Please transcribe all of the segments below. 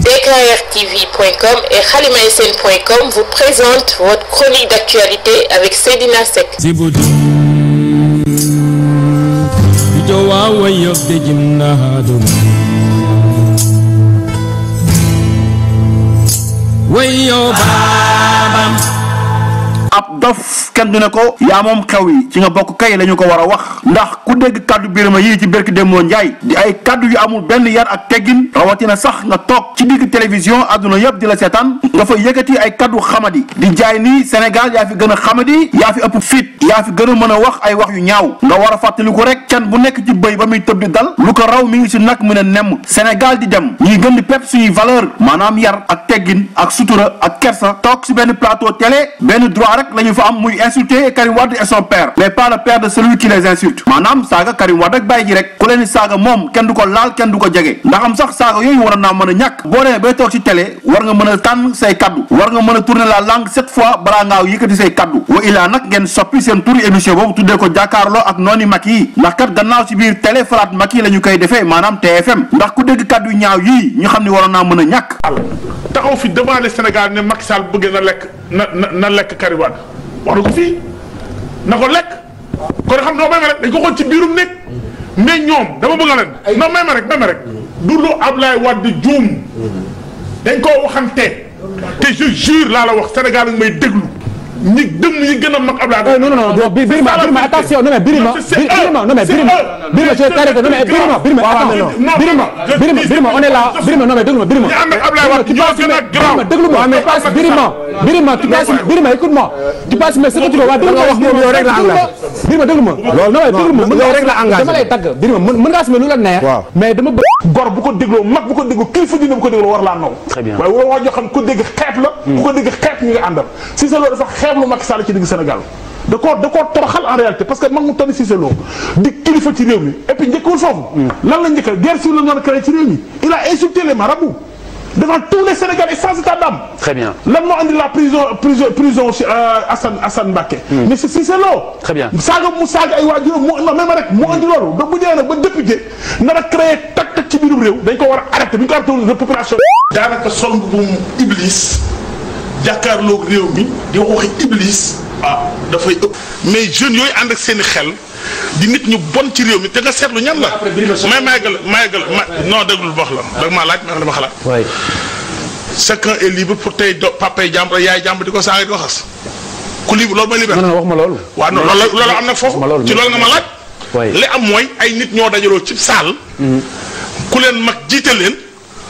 DKRTV.com et KhalimaSN.com vous présentent votre chronique d'actualité avec Sedina Sek. ab dof kenn du ne ko yaa moom xew yi ci nga bokk kay la ñu ko war a wax ndax ku dégg kàddu Birima yi ci berki démoo njaay di ay kàddu yu amul benn yar ak teggin rawatina sax nga toog ci digg télévision adduna yëpp di la seetaan nga fa yëkkati ay kàddu xamadi di jaay nii Sénégal yaa fi gën a xamadi yaa fi ëpp fit yaa fi gën a mën a wax ay wax yu ñaaw nga war a fàttaliku rek can bu nekk ci bëy ba muy tëb di dal lu ko raw mi ngi si nag mu ne nemm Sénégal di dem ñuy gën pep suñuy valeur maanaam yar ak teggin ak sutura ak kersa toog si benn plateau télé lañu fa am muy insulter Karim Wade et son père mais pas le père de celui qui les insulte manam saga Karim Wade ak baye ji rek ku leen saga mom ken duko ko laal kenn du jégué ndax am sax saga yoyu wara na mëna ñak bo dé bay tok ci télé war nga mëna tan say kaddu war nga mëna tourner la langue cette fois bala nga yëkëti say kaddu wa ila nak ngeen soppi seen tour émission bobu tuddé ko jakarlo ak noni maki ndax kat gannaaw ci biir télé flat maki lañu koy défé manam TFM ndax ku dégg kaddu ñaaw yi ñu xamni wara na mëna ñak taxaw fi devant les sénégal né Macky Sall bëgg na lek na na lekk Karim wax na ko fii na ko lekk kon xam doo may ma rek dañ ko xool ci biirum nekk mais ñoom dama bëgg a leen non may ma rek may ma rek du lu Ablaye Wade juum mm-hmm. dañ koo waxante te je jure laa la wax Sénégal nga may déglu ñi dëmm yi gën a mag Abdoulaye. non non non Birima Birima attention non mais Birima. Birima non mais Birima. Birima je t'arrête non mais Birima Birima attends non. Birima Birima Birima on est là Birima non mais déglu ma Birima. ñi ànd ak Abdoulaye Wade ñoo gën a grand. déglu ma tu passes Birima. Birima tu passes Birima écoute moi. tu passes mais ce que tu veux waa déglu ma wax moom yow rek la engagé. Birima déglu ma. loolu non mais déglu ma yow rek la engagé dama lay tagg Birima mën ngaa sumé lu la neex. waaw mais dama bëgg. gor bu ko dégloo mag bu ko dégloo kilifa dina bu ko dégloo war laa naw. très bien waaye woo joo xam ko dégg xeet la. ku ko dégg xeet ñu ngi àndal si sa loolu sax le Macky Sall ci Sénégal en réalité parce que di kilifa ci et puis des lan la guerre civile le créé ci il a insulté les marabouts devant tous les Sénégalais sans état d'âme très bien la prison prison prison euh, ci si hmm. mais c'est l'eau très bien ça Moussaga ay dire moi même avec moi andi l'eau. donc vous député créé tak tak ci la jàkkaarloog réew mi di waxi iblis ah, dafay ëpp. mais jeunes yooyu ànd ak seen i xel di nit ñu bon ci réew mi te nga seetlu ñam la. may may gël may gël non déglul wax la. dag maa laaj ma dama xalaat. waay. chacun est libre pour tey do papay jàmbur yaay jàmbur ko saa di ko ku libre loolu may libre. non wax ma loolu. waaw non loolu loolu am na foofu. ci loolu nga ma laaj. li am mooy ay nit ñoo dajaloo ci saal. Mm-hmm. ku leen mag jiite leen.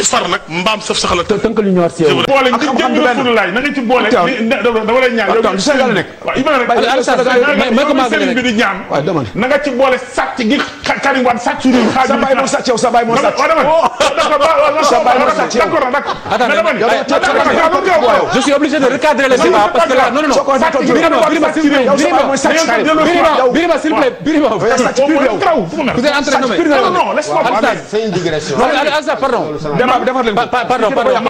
ci sar nag mbaam sëf sax la. te tënkal ñu ñëwaat si yow. ak xam-xam du benn boole na nga ci boole. dama lay ñaan yow. waaw Sénégal nekk. waaw Ibrahima rek Sénégal bi di ñaan. waaw dama ne na nga ci boole sàcc gi Karim Wade sàcc suñu xaaj. sa baay moo sàcc yow sa baay moo sàcc. sa baay moo sàcc yow. d'accord je suis obligé de recadrer le débat parce que là non non non. Birima Birima Perdón, perdón, perdón.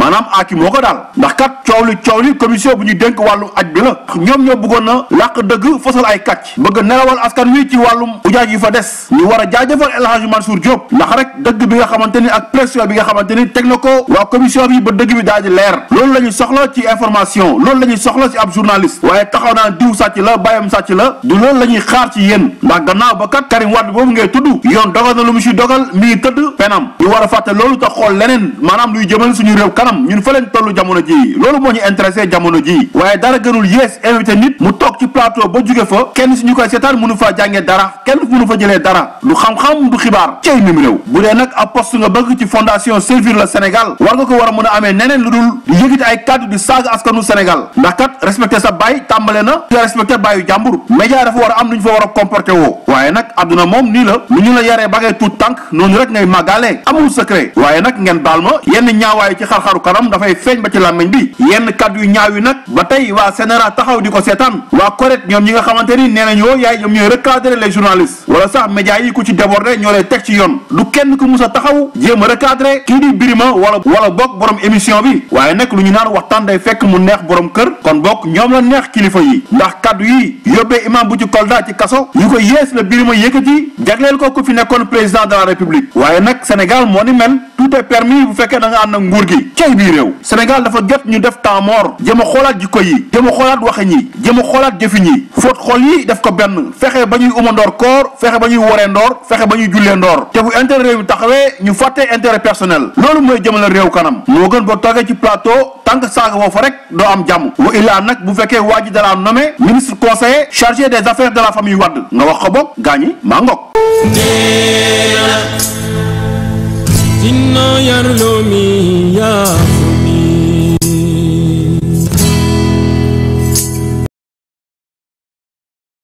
maanaam aaki moo ko daal ndax kat coow li coow li commission bu ñu dénk wàllu aj bi la ñoom ñoo bëggoon na làq dëgg fasal ay kàcc bëgg nelawal askan wi ci wàllum ujaaj yi fa des ñu war a jaajëfal El Hadji Mansour Diop ndax rek dëgg bi nga xamante ni ak pression bi nga xamante ni teg na ko waa commission bi ba dëgg bi daal di leer loolu la ñuy soxla ci information loolu la ñuy soxla ci ab journaliste waaye taxaw naa diw sàcc la bàyyam sàcc la du loolu la ñuy xaar ba kat Karim Wade boobu ngay tudd yoon dogal na lu mu si dogal a fàtte xam ñun fa leen toll jamono ji loolu moo ñu intéressé jamono ji waaye dara gënul yées invité nit mu toog ci plateau ba jóge fa kenn suñu koy seetaan mënu faa jàngee dara kenn mënu fa jëlee dara du xam-xam du xibaar cey mim réew bu dee nag ab poste nga bëgg ci fondation servir le Sénégal war nga ko war a mën a amee neneen lu dul di yëkkati ay kàddu di saaga askanu Sénégal ndax kat respecté sa baay tàmbale na nga respecté baayu jàmbur média a am lu ñu fa war a comporté woo waaye nag àdduna moom nii la lu ñu la yaree ba ngay tuut tànk noonu rek ngay màggalee amul secret waaye nag ngeen baal ma yenn ñaawaay ci xar-xaru kanam dafay feeñ ba ci làmmiñ bi yenn kàddu yu ñaaw yi nag ba tey waa sénéra taxaw di ko seetaan waa correct ñoom ñi nga xamante ni nee nañoo yaay ñoom ñooy recadrer les journalistes wala sax médias yi ku ci déborder ñoo lay teg ci yoon lu kenn ku mus a taxaw jéem a recadrer kii di birima ma wala boog borom émission bi waaye nag lu ñu naan waxtaan day fekk mu neex borom kër kon bokk ñoom la neex kilifa yi ndax kàddu yi yóbbee imam bu ci kolda ci kaso yu ko yees la Birima yëkkati jagleel ko ku fi nekkoon président de la république waye nak Sénégal moo ni mel tout est permis bu fekke da nga and ak nguur gi cay bii réew Sénégal dafa jot ñu def temps mort jëm a xoolaat jikko yi jëm a waxe ñi jëm a xoolaat ñi fóot xol yi def ko ben fexe bañuy ñuy umandoor koor fexe ba ñuy woree ndoor fexe ba ñuy te bu intérêt réew bi ñu fàttee intérêt personnel loolu mooy jëmale rew kanam mo gën bo toogee ci plateau tànk saaga foofu rek do am jamm wa illaa nag bu fekkee waa ji dalaa nommé ministre conseiller chargé des affaires de la famille wad nga wax ko bopp ngoog gaañi maa ngoog. dina